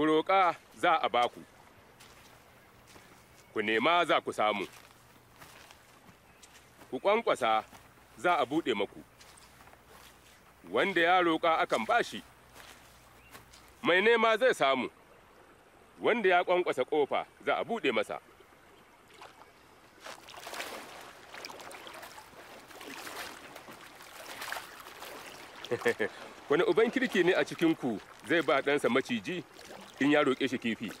ku roƙa za a ba ku Ku nema za ku samu ku ƙwanƙwasa za a buɗe maku wanda ya roƙa akan bashi mai nema zai samu wanda ya ƙwanƙwasa ƙofa za a buɗe masa wani uban kirki ne a cikinku zai ba ɗansa maciji in ya roƙe shi kifi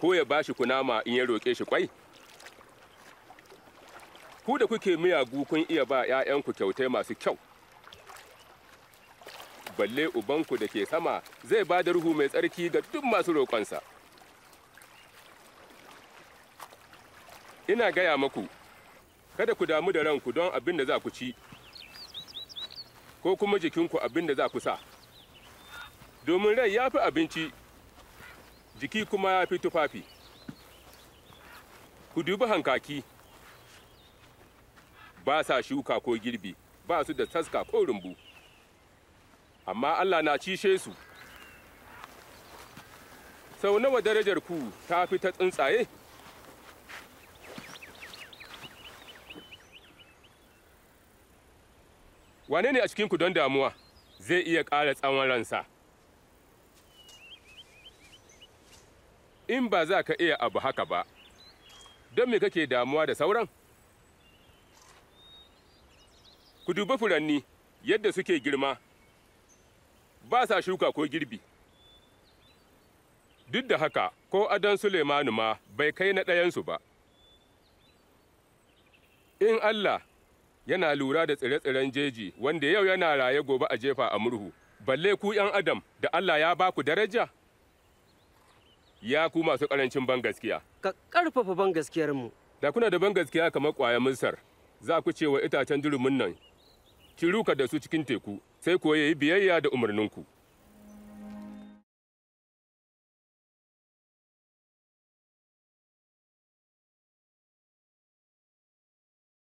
ko ya ba shi kunama in ya roƙe shi kwai ku da kuke miyagu kun iya ba 'ya'yanku kyautai masu kyau balle ubanku da ke sama zai ba da ruhu mai tsarki ga duk masu roƙonsa ina gaya maku kada ku damu da ranku don abin da za ku ci ko kuma jikinku abin da za ku sa domin rai ya fi abinci jiki kuma ya fi tufafi ku dubi hankaki ba sa shuka ko girbi ba su da taska ko rumbu amma allah na cishe su sau nawa darajar ku ta fi ta tsuntsaye wane ne a cikinku don damuwa zai iya ƙara tsawon ransa in ba za ka iya abu haka ba, don me kake damuwa da sauran? Ku duba furanni yadda suke girma, ba sa shuka ko girbi. Duk da haka, ko adon sulemanu ma bai kai na ɗayansu ba. In Allah yana lura da tsire-tsiren jeji wanda yau yana raye gobe a jefa a murhu, balle ku ‘yan Adam da Allah ya ba ku daraja? ya ku masu ƙarancin ban gaskiya. Ka karfafa ban gaskiyar Da kuna da ban gaskiya kamar ƙwayar musar za ku ce wa itacen durumin nan, ki ruka da su cikin teku, sai ko yayi biyayya da umarninku.